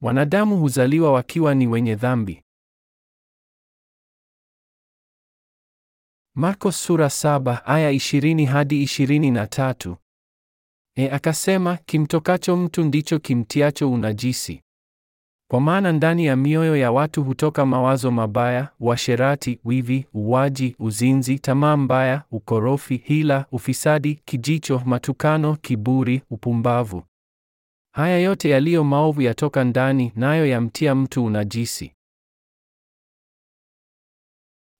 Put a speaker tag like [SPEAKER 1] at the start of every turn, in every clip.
[SPEAKER 1] Wanadamu huzaliwa wakiwa ni wenye dhambi. Marko sura saba aya ishirini hadi ishirini na tatu. E, akasema kimtokacho mtu ndicho kimtiacho unajisi, kwa maana ndani ya mioyo ya watu hutoka mawazo mabaya, uasherati, wivi, uwaji, uzinzi, tamaa mbaya, ukorofi, hila, ufisadi, kijicho, matukano, kiburi, upumbavu, Haya yote yaliyo maovu yatoka ndani, nayo yamtia mtu unajisi.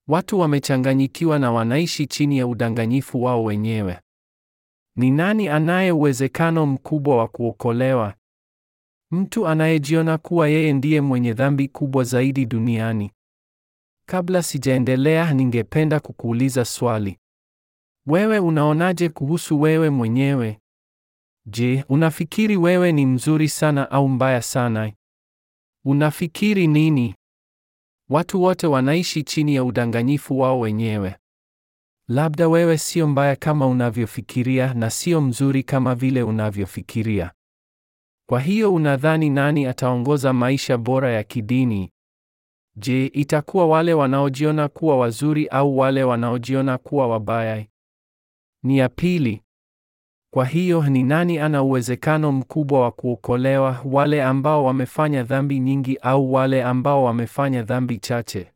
[SPEAKER 1] Watu wamechanganyikiwa na wanaishi chini ya udanganyifu wao wenyewe. Ni nani anaye uwezekano mkubwa wa kuokolewa? Mtu anayejiona kuwa yeye ndiye mwenye dhambi kubwa zaidi duniani. Kabla sijaendelea, ningependa kukuuliza swali. Wewe unaonaje kuhusu wewe mwenyewe? Je, unafikiri wewe ni mzuri sana au mbaya sana? Unafikiri nini? Watu wote wanaishi chini ya udanganyifu wao wenyewe. Labda wewe sio mbaya kama unavyofikiria na sio mzuri kama vile unavyofikiria. Kwa hiyo unadhani nani ataongoza maisha bora ya kidini? Je, itakuwa wale wanaojiona kuwa wazuri au wale wanaojiona kuwa wabaya? Ni ya pili. Kwa hiyo ni nani ana uwezekano mkubwa wa kuokolewa, wale ambao wamefanya dhambi nyingi au wale ambao wamefanya dhambi chache?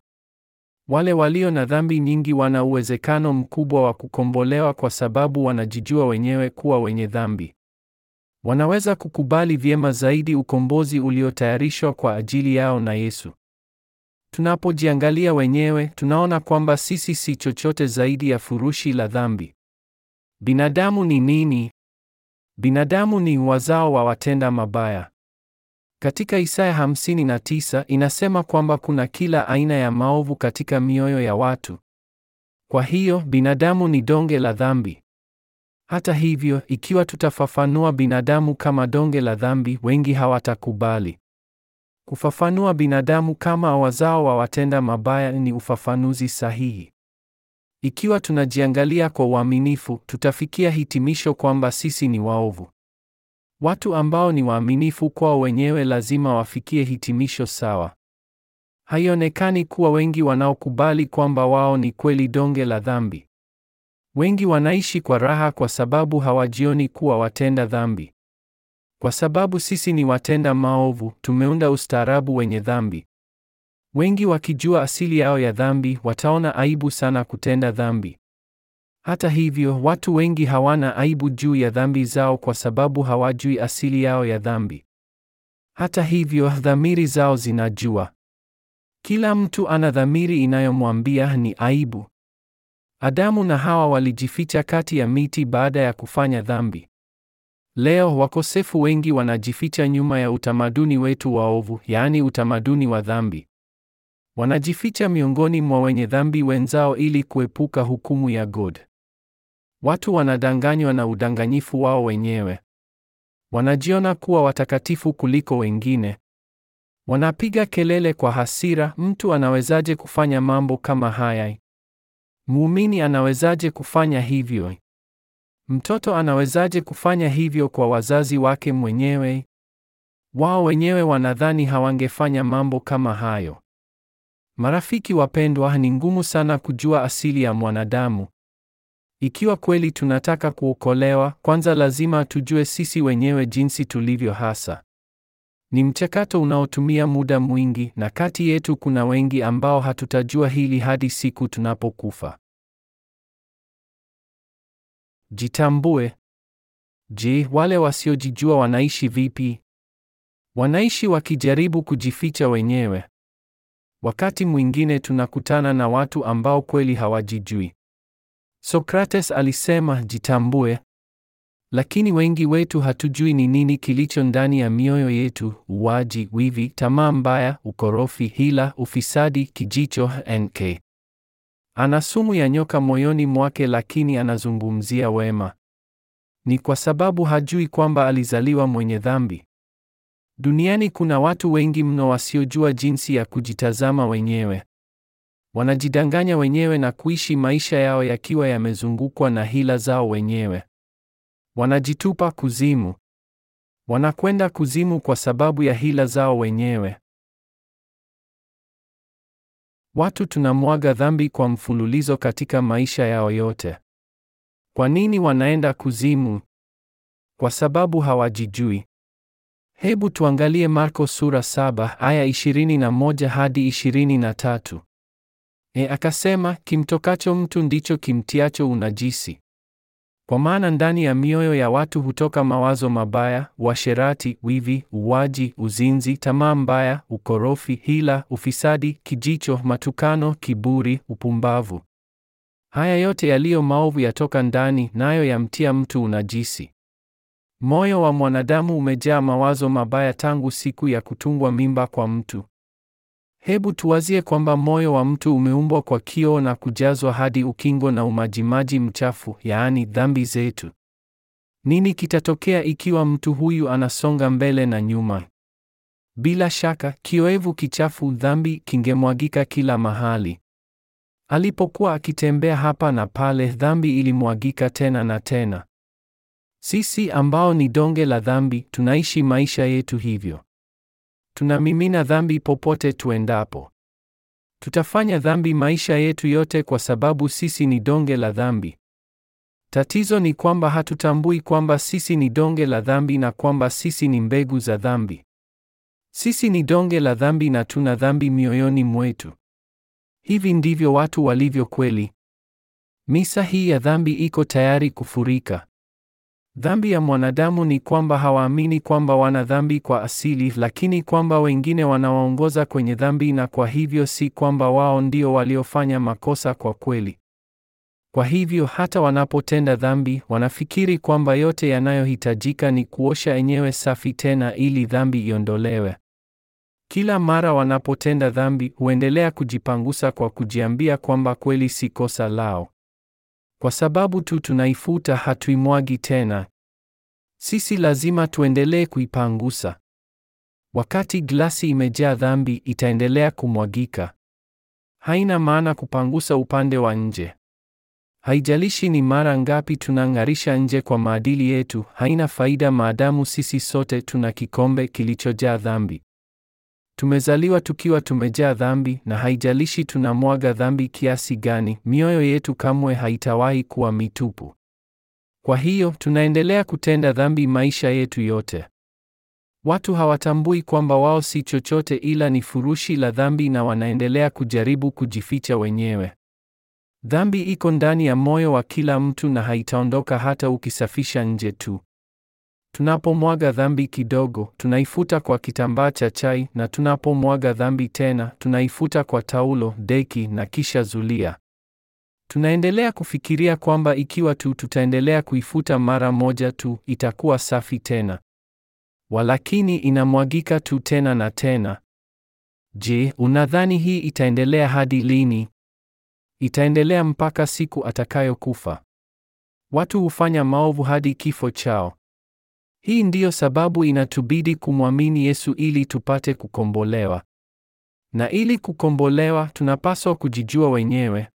[SPEAKER 1] Wale walio na dhambi nyingi wana uwezekano mkubwa wa kukombolewa kwa sababu wanajijua wenyewe kuwa wenye dhambi. Wanaweza kukubali vyema zaidi ukombozi uliotayarishwa kwa ajili yao na Yesu. Tunapojiangalia wenyewe, tunaona kwamba sisi si chochote zaidi ya furushi la dhambi. Binadamu ni nini? Binadamu ni wazao wa watenda mabaya. Katika Isaya 59 inasema kwamba kuna kila aina ya maovu katika mioyo ya watu. Kwa hiyo binadamu ni donge la dhambi. Hata hivyo, ikiwa tutafafanua binadamu kama donge la dhambi, wengi hawatakubali. Kufafanua binadamu kama wazao wa watenda mabaya ni ufafanuzi sahihi. Ikiwa tunajiangalia kwa uaminifu, tutafikia hitimisho kwamba sisi ni waovu. Watu ambao ni waaminifu kwao wenyewe lazima wafikie hitimisho sawa. Haionekani kuwa wengi wanaokubali kwamba wao ni kweli donge la dhambi. Wengi wanaishi kwa raha kwa sababu hawajioni kuwa watenda dhambi. Kwa sababu sisi ni watenda maovu, tumeunda ustaarabu wenye dhambi. Wengi wakijua asili yao ya dhambi, wataona aibu sana kutenda dhambi. Hata hivyo, watu wengi hawana aibu juu ya dhambi zao kwa sababu hawajui asili yao ya dhambi. Hata hivyo, dhamiri zao zinajua. Kila mtu ana dhamiri inayomwambia ni aibu. Adamu na Hawa walijificha kati ya miti baada ya kufanya dhambi. Leo wakosefu wengi wanajificha nyuma ya utamaduni wetu waovu, yaani utamaduni wa dhambi. Wanajificha miongoni mwa wenye dhambi wenzao ili kuepuka hukumu ya God. Watu wanadanganywa na udanganyifu wao wenyewe. Wanajiona kuwa watakatifu kuliko wengine. Wanapiga kelele kwa hasira, mtu anawezaje kufanya mambo kama haya? Muumini anawezaje kufanya hivyo? Mtoto anawezaje kufanya hivyo kwa wazazi wake mwenyewe? Wao wenyewe wanadhani hawangefanya mambo kama hayo. Marafiki wapendwa, ni ngumu sana kujua asili ya mwanadamu. Ikiwa kweli tunataka kuokolewa, kwanza lazima tujue sisi wenyewe jinsi tulivyo hasa. Ni mchakato unaotumia muda mwingi, na kati yetu kuna wengi ambao hatutajua hili hadi siku tunapokufa. Jitambue. Je, wale wasiojijua wanaishi vipi? Wanaishi wakijaribu kujificha wenyewe. Wakati mwingine tunakutana na watu ambao kweli hawajijui. socrates alisema jitambue. Lakini wengi wetu hatujui ni nini kilicho ndani ya mioyo yetu: uwaji, wivi, tamaa mbaya, ukorofi, hila, ufisadi, kijicho, nk. Ana sumu ya nyoka moyoni mwake, lakini anazungumzia wema. Ni kwa sababu hajui kwamba alizaliwa mwenye dhambi. Duniani kuna watu wengi mno wasiojua jinsi ya kujitazama wenyewe. Wanajidanganya wenyewe na kuishi maisha yao yakiwa yamezungukwa na hila zao wenyewe. Wanajitupa kuzimu. Wanakwenda kuzimu kwa sababu ya hila zao wenyewe. Watu tunamwaga dhambi kwa mfululizo katika maisha yao yote. Kwa nini wanaenda kuzimu? Kwa sababu hawajijui. Hebu tuangalie Marko sura 7 aya 21 hadi 23. E, akasema kimtokacho mtu ndicho kimtiacho unajisi, kwa maana ndani ya mioyo ya watu hutoka mawazo mabaya, uasherati, wivi, uwaji, uzinzi, tamaa mbaya, ukorofi, hila, ufisadi, kijicho, matukano, kiburi, upumbavu. Haya yote yaliyo maovu yatoka ndani, nayo yamtia mtu unajisi. Moyo wa mwanadamu umejaa mawazo mabaya tangu siku ya kutungwa mimba kwa mtu. Hebu tuwazie kwamba moyo wa mtu umeumbwa kwa kioo na kujazwa hadi ukingo na umajimaji mchafu, yaani dhambi zetu. Nini kitatokea ikiwa mtu huyu anasonga mbele na nyuma? Bila shaka, kioevu kichafu, dhambi, kingemwagika kila mahali. Alipokuwa akitembea hapa na pale, dhambi ilimwagika tena na tena. Sisi ambao ni donge la dhambi, tunaishi maisha yetu hivyo. Tunamimina dhambi popote tuendapo. Tutafanya dhambi maisha yetu yote kwa sababu sisi ni donge la dhambi. Tatizo ni kwamba hatutambui kwamba sisi ni donge la dhambi na kwamba sisi ni mbegu za dhambi. Sisi ni donge la dhambi na tuna dhambi mioyoni mwetu. Hivi ndivyo watu walivyo kweli. Misa hii ya dhambi iko tayari kufurika. Dhambi ya mwanadamu ni kwamba hawaamini kwamba wana dhambi kwa asili, lakini kwamba wengine wanawaongoza kwenye dhambi, na kwa hivyo si kwamba wao ndio waliofanya makosa kwa kweli. Kwa hivyo hata wanapotenda dhambi, wanafikiri kwamba yote yanayohitajika ni kuosha enyewe safi tena ili dhambi iondolewe. Kila mara wanapotenda dhambi, huendelea kujipangusa kwa kujiambia kwamba kweli si kosa lao. Kwa sababu tu tunaifuta, hatuimwagi tena. Sisi lazima tuendelee kuipangusa. Wakati glasi imejaa dhambi, itaendelea kumwagika. Haina maana kupangusa upande wa nje. Haijalishi ni mara ngapi tunang'arisha nje kwa maadili yetu, haina faida maadamu sisi sote tuna kikombe kilichojaa dhambi. Tumezaliwa tukiwa tumejaa dhambi na haijalishi tunamwaga dhambi kiasi gani, mioyo yetu kamwe haitawahi kuwa mitupu. Kwa hiyo tunaendelea kutenda dhambi maisha yetu yote. Watu hawatambui kwamba wao si chochote ila ni furushi la dhambi na wanaendelea kujaribu kujificha wenyewe. Dhambi iko ndani ya moyo wa kila mtu na haitaondoka hata ukisafisha nje tu. Tunapomwaga dhambi kidogo, tunaifuta kwa kitambaa cha chai, na tunapomwaga dhambi tena, tunaifuta kwa taulo, deki na kisha zulia. Tunaendelea kufikiria kwamba ikiwa tu tutaendelea kuifuta mara moja tu, itakuwa safi tena. Walakini inamwagika tu tena na tena. Je, unadhani hii itaendelea hadi lini? Itaendelea mpaka siku atakayokufa. Watu hufanya maovu hadi kifo chao. Hii ndiyo sababu inatubidi kumwamini Yesu ili tupate kukombolewa. Na ili kukombolewa tunapaswa kujijua wenyewe.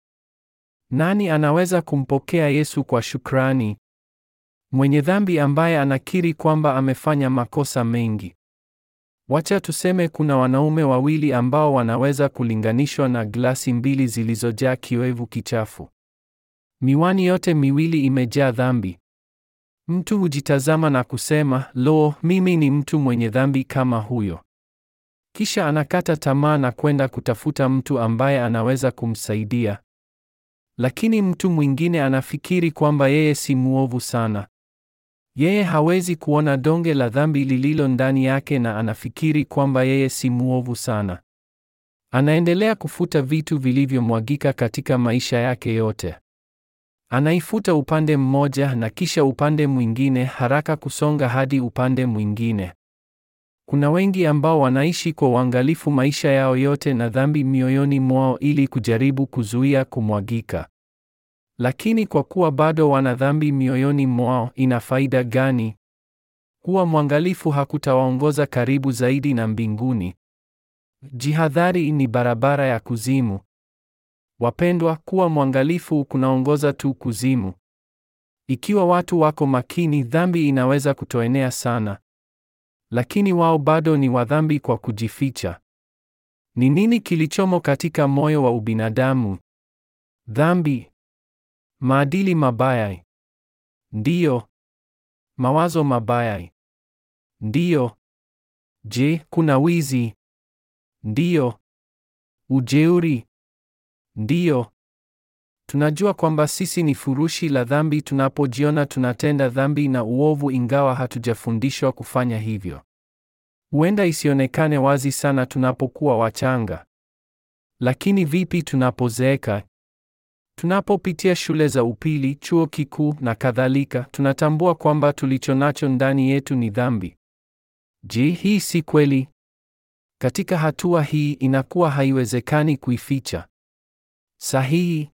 [SPEAKER 1] Nani anaweza kumpokea Yesu kwa shukrani? Mwenye dhambi ambaye anakiri kwamba amefanya makosa mengi. Wacha tuseme kuna wanaume wawili ambao wanaweza kulinganishwa na glasi mbili zilizojaa kiwevu kichafu. Miwani yote miwili imejaa dhambi. Mtu hujitazama na kusema, lo, mimi ni mtu mwenye dhambi kama huyo. Kisha anakata tamaa na kwenda kutafuta mtu ambaye anaweza kumsaidia. Lakini mtu mwingine anafikiri kwamba yeye si mwovu sana. Yeye hawezi kuona donge la dhambi lililo ndani yake na anafikiri kwamba yeye si mwovu sana. Anaendelea kufuta vitu vilivyomwagika katika maisha yake yote. Anaifuta upande mmoja na kisha upande mwingine haraka kusonga hadi upande mwingine. Kuna wengi ambao wanaishi kwa uangalifu maisha yao yote na dhambi mioyoni mwao ili kujaribu kuzuia kumwagika. Lakini kwa kuwa bado wana dhambi mioyoni mwao, ina faida gani? Kuwa mwangalifu hakutawaongoza karibu zaidi na mbinguni. Jihadhari ni barabara ya kuzimu. Wapendwa, kuwa mwangalifu kunaongoza tu kuzimu. Ikiwa watu wako makini, dhambi inaweza kutoenea sana, lakini wao bado ni wadhambi kwa kujificha. Ni nini kilichomo katika moyo wa ubinadamu? Dhambi, maadili mabaya, ndiyo. Mawazo mabaya, ndiyo. Je, kuna wizi? Ndiyo. Ujeuri, Ndiyo. Tunajua kwamba sisi ni furushi la dhambi tunapojiona tunatenda dhambi na uovu ingawa hatujafundishwa kufanya hivyo. Huenda isionekane wazi sana tunapokuwa wachanga. Lakini vipi tunapozeeka? Tunapopitia shule za upili, chuo kikuu na kadhalika, tunatambua kwamba tulichonacho ndani yetu ni dhambi. Je, hii si kweli? Katika hatua hii inakuwa haiwezekani kuificha sahihi.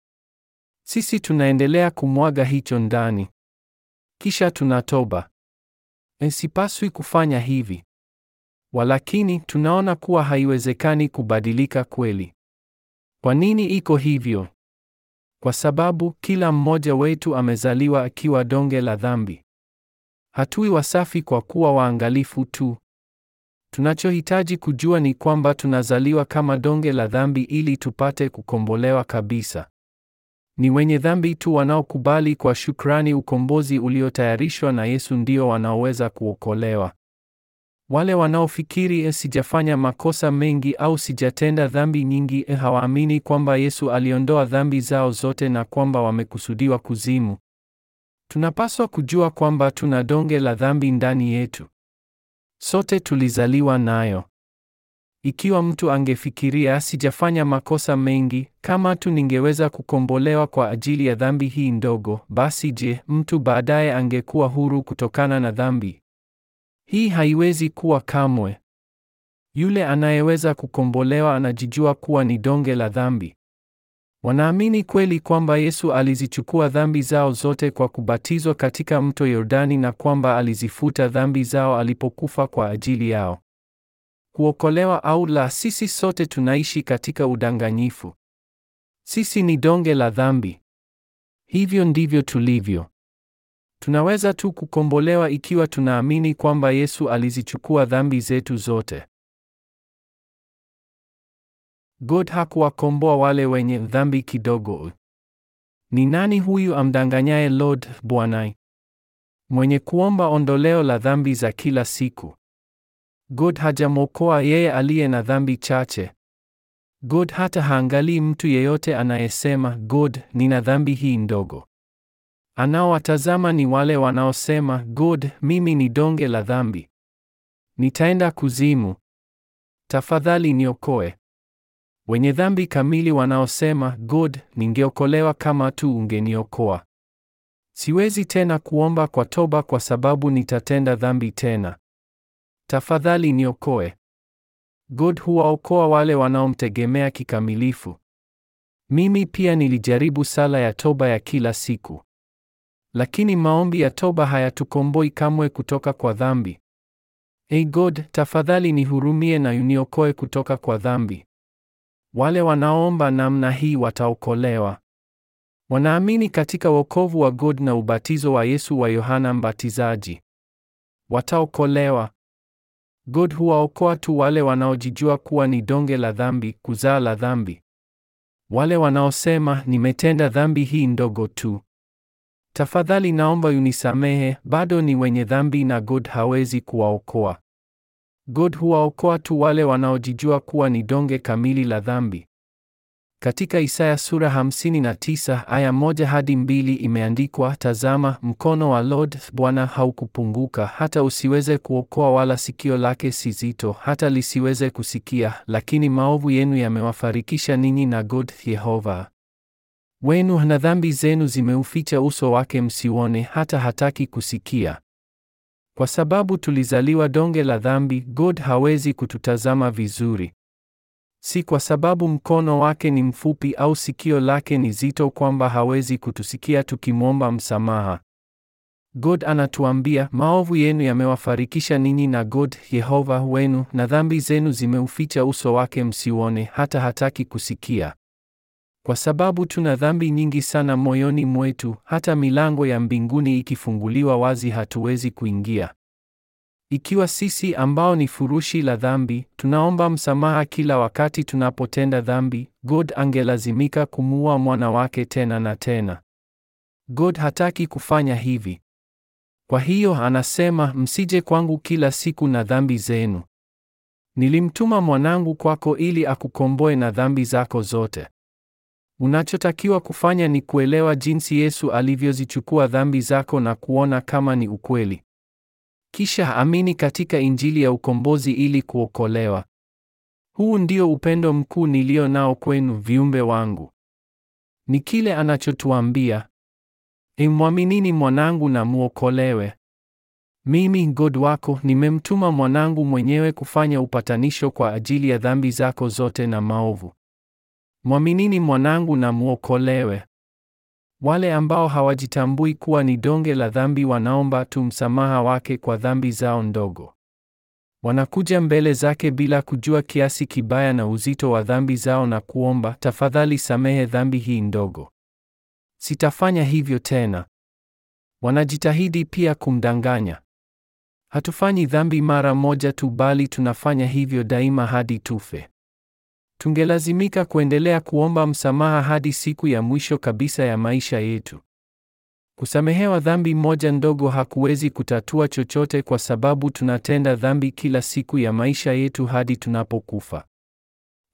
[SPEAKER 1] Sisi tunaendelea kumwaga hicho ndani, kisha tunatoba. Sipaswi kufanya hivi, walakini tunaona kuwa haiwezekani kubadilika kweli. Kwa nini iko hivyo? Kwa sababu kila mmoja wetu amezaliwa akiwa donge la dhambi. Hatui wasafi kwa kuwa waangalifu tu, Tunachohitaji kujua ni kwamba tunazaliwa kama donge la dhambi ili tupate kukombolewa kabisa. Ni wenye dhambi tu wanaokubali kwa shukrani ukombozi uliotayarishwa na Yesu ndio wanaoweza kuokolewa. Wale wanaofikiri e, sijafanya makosa mengi au sijatenda dhambi nyingi, e, hawaamini kwamba Yesu aliondoa dhambi zao zote na kwamba wamekusudiwa kuzimu. Tunapaswa kujua kwamba tuna donge la dhambi ndani yetu. Sote tulizaliwa nayo. Ikiwa mtu angefikiria sijafanya makosa mengi, kama tu ningeweza kukombolewa kwa ajili ya dhambi hii ndogo, basi je, mtu baadaye angekuwa huru kutokana na dhambi? Hii haiwezi kuwa kamwe. Yule anayeweza kukombolewa anajijua kuwa ni donge la dhambi. Wanaamini kweli kwamba Yesu alizichukua dhambi zao zote kwa kubatizwa katika mto Yordani na kwamba alizifuta dhambi zao alipokufa kwa ajili yao. Kuokolewa au la, sisi sote tunaishi katika udanganyifu. Sisi ni donge la dhambi. Hivyo ndivyo tulivyo. Tunaweza tu kukombolewa ikiwa tunaamini kwamba Yesu alizichukua dhambi zetu zote. God hakuwakomboa wale wenye dhambi kidogo. Ni nani huyu amdanganyaye Lord Bwana? Mwenye kuomba ondoleo la dhambi za kila siku. God hajamwokoa yeye aliye na dhambi chache. God hata haangalii mtu yeyote anayesema, God, nina dhambi hii ndogo. Anaowatazama ni wale wanaosema, God, mimi ni donge la dhambi. Nitaenda kuzimu. Tafadhali niokoe wenye dhambi kamili wanaosema, God, ningeokolewa kama tu ungeniokoa. Siwezi tena kuomba kwa toba kwa sababu nitatenda dhambi tena. Tafadhali niokoe. God huwaokoa wale wanaomtegemea kikamilifu. Mimi pia nilijaribu sala ya toba ya kila siku. Lakini maombi ya toba hayatukomboi kamwe kutoka kwa dhambi. Hey God, tafadhali nihurumie na uniokoe kutoka kwa dhambi. Wale wanaomba namna hii wataokolewa. Wanaamini katika wokovu wa God na ubatizo wa Yesu wa Yohana Mbatizaji. Wataokolewa. God huwaokoa tu wale wanaojijua kuwa ni donge la dhambi, kuzaa la dhambi. Wale wanaosema nimetenda dhambi hii ndogo tu. Tafadhali naomba unisamehe, bado ni wenye dhambi na God hawezi kuwaokoa. God huwaokoa tu wale wanaojijua kuwa ni donge kamili la dhambi. Katika Isaya sura 59 aya moja hadi mbili imeandikwa, tazama, mkono wa Lord Bwana haukupunguka hata usiweze kuokoa, wala sikio lake si zito hata lisiweze kusikia, lakini maovu yenu yamewafarikisha ninyi na God Yehova wenu, na dhambi zenu zimeuficha uso wake msiuone, hata hataki kusikia. Kwa sababu tulizaliwa donge la dhambi, God hawezi kututazama vizuri. Si kwa sababu mkono wake ni mfupi au sikio lake ni zito kwamba hawezi kutusikia tukimwomba msamaha. God anatuambia, maovu yenu yamewafarikisha ninyi na God Yehova wenu, na dhambi zenu zimeuficha uso wake msiuone, hata hataki kusikia. Kwa sababu tuna dhambi nyingi sana moyoni mwetu, hata milango ya mbinguni ikifunguliwa wazi hatuwezi kuingia. Ikiwa sisi ambao ni furushi la dhambi, tunaomba msamaha kila wakati tunapotenda dhambi, God angelazimika kumuua mwana wake tena na tena. God hataki kufanya hivi. Kwa hiyo anasema, msije kwangu kila siku na dhambi zenu. Nilimtuma mwanangu kwako ili akukomboe na dhambi zako zote. Unachotakiwa kufanya ni kuelewa jinsi Yesu alivyozichukua dhambi zako na kuona kama ni ukweli. Kisha amini katika Injili ya ukombozi ili kuokolewa. Huu ndio upendo mkuu nilio nao kwenu viumbe wangu. Ni kile anachotuambia. Imwaminini mwanangu na muokolewe. Mimi God wako nimemtuma mwanangu mwenyewe kufanya upatanisho kwa ajili ya dhambi zako zote na maovu. Mwaminini mwanangu na mwokolewe. Wale ambao hawajitambui kuwa ni donge la dhambi wanaomba tu msamaha wake kwa dhambi zao ndogo. Wanakuja mbele zake bila kujua kiasi kibaya na uzito wa dhambi zao na kuomba, tafadhali samehe dhambi hii ndogo. Sitafanya hivyo tena. Wanajitahidi pia kumdanganya. Hatufanyi dhambi mara moja tu bali tunafanya hivyo daima hadi tufe tungelazimika kuendelea kuomba msamaha hadi siku ya mwisho kabisa ya maisha yetu. Kusamehewa dhambi moja ndogo hakuwezi kutatua chochote kwa sababu tunatenda dhambi kila siku ya maisha yetu hadi tunapokufa.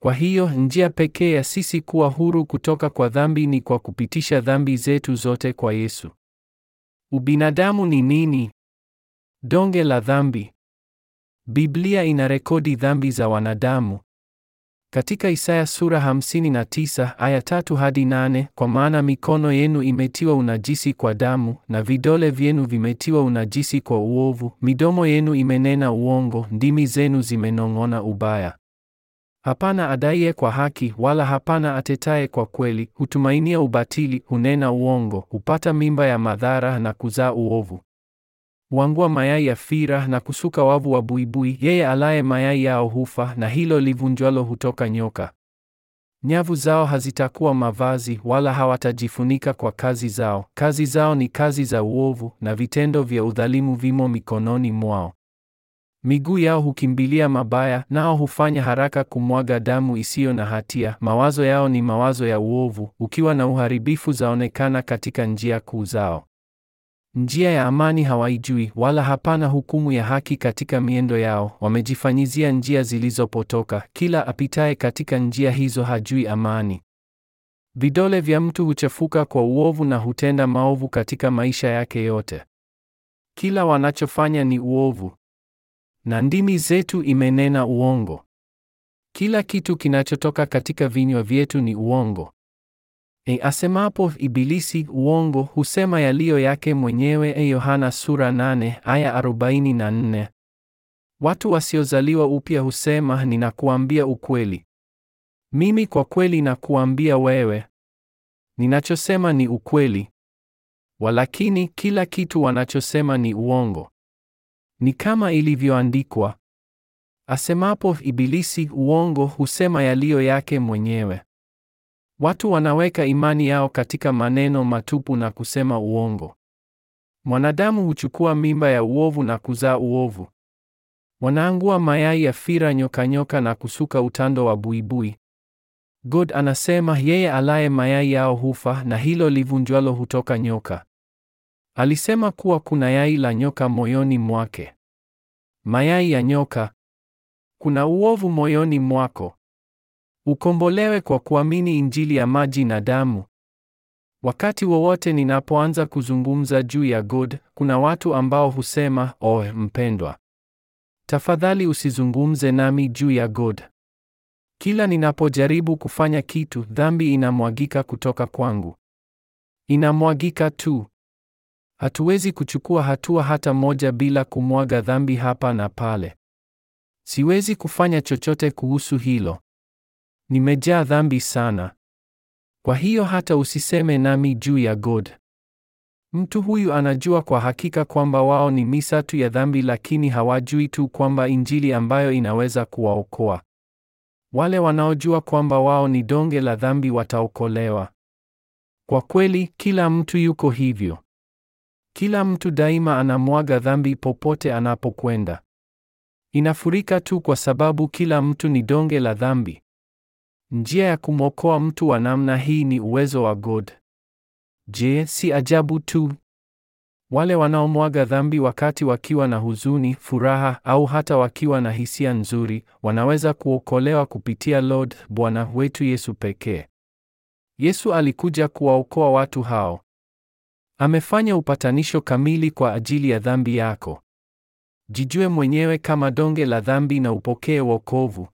[SPEAKER 1] Kwa hiyo, njia pekee ya sisi kuwa huru kutoka kwa dhambi ni kwa kupitisha dhambi zetu zote kwa Yesu. Ubinadamu ni nini? Donge la dhambi. Biblia inarekodi dhambi za wanadamu katika Isaya sura 59 aya tatu hadi nane, kwa maana mikono yenu imetiwa unajisi kwa damu na vidole vyenu vimetiwa unajisi kwa uovu, midomo yenu imenena uongo, ndimi zenu zimenong'ona ubaya. Hapana adaiye kwa haki, wala hapana atetaye kwa kweli; hutumainia ubatili, hunena uongo, hupata mimba ya madhara na kuzaa uovu huangua mayai ya fira na kusuka wavu wa buibui. Yeye alaye mayai yao hufa, na hilo livunjwalo hutoka nyoka. Nyavu zao hazitakuwa mavazi, wala hawatajifunika kwa kazi zao. Kazi zao ni kazi za uovu, na vitendo vya udhalimu vimo mikononi mwao. Miguu yao hukimbilia mabaya, nao hufanya haraka kumwaga damu isiyo na hatia. Mawazo yao ni mawazo ya uovu, ukiwa na uharibifu zaonekana katika njia kuu zao. Njia ya amani hawaijui, wala hapana hukumu ya haki katika miendo yao. Wamejifanyizia njia zilizopotoka; kila apitaye katika njia hizo hajui amani. Vidole vya mtu huchafuka kwa uovu na hutenda maovu katika maisha yake yote. Kila wanachofanya ni uovu, na ndimi zetu imenena uongo. Kila kitu kinachotoka katika vinywa vyetu ni uongo. E, asemapo Ibilisi uongo husema yaliyo yake mwenyewe. E, Yohana sura 8 aya 44. Watu wasiozaliwa upya husema, ninakuambia ukweli. Mimi kwa kweli nakuambia wewe, ninachosema ni ukweli, walakini kila kitu wanachosema ni uongo. Ni kama ilivyoandikwa, asemapo Ibilisi uongo husema yaliyo yake mwenyewe. Watu wanaweka imani yao katika maneno matupu na kusema uongo. Mwanadamu huchukua mimba ya uovu na kuzaa uovu. Wanaangua mayai ya fira nyoka-nyoka na kusuka utando wa buibui. God anasema yeye alaye mayai yao hufa, na hilo livunjwalo hutoka nyoka. Alisema kuwa kuna yai la nyoka moyoni mwake. Mayai ya nyoka. Kuna uovu moyoni mwako ukombolewe kwa kuamini Injili ya maji na damu. Wakati wowote ninapoanza kuzungumza juu ya God, kuna watu ambao husema, "Oh, mpendwa, tafadhali usizungumze nami juu ya God. Kila ninapojaribu kufanya kitu, dhambi inamwagika kutoka kwangu. Inamwagika tu. Hatuwezi kuchukua hatua hata moja bila kumwaga dhambi hapa na pale. Siwezi kufanya chochote kuhusu hilo." Nimejaa dhambi sana. Kwa hiyo hata usiseme nami juu ya God. Mtu huyu anajua kwa hakika kwamba wao ni misa tu ya dhambi, lakini hawajui tu kwamba injili ambayo inaweza kuwaokoa. Wale wanaojua kwamba wao ni donge la dhambi wataokolewa. Kwa kweli, kila mtu yuko hivyo. Kila mtu daima anamwaga dhambi popote anapokwenda. Inafurika tu kwa sababu kila mtu ni donge la dhambi. Njia ya kumwokoa mtu wa namna hii ni uwezo wa God. Je, si ajabu tu? Wale wanaomwaga dhambi wakati wakiwa na huzuni, furaha au hata wakiwa na hisia nzuri, wanaweza kuokolewa kupitia Lord Bwana wetu Yesu pekee. Yesu alikuja kuwaokoa watu hao. Amefanya upatanisho kamili kwa ajili ya dhambi yako. Jijue mwenyewe kama donge la dhambi na upokee wokovu.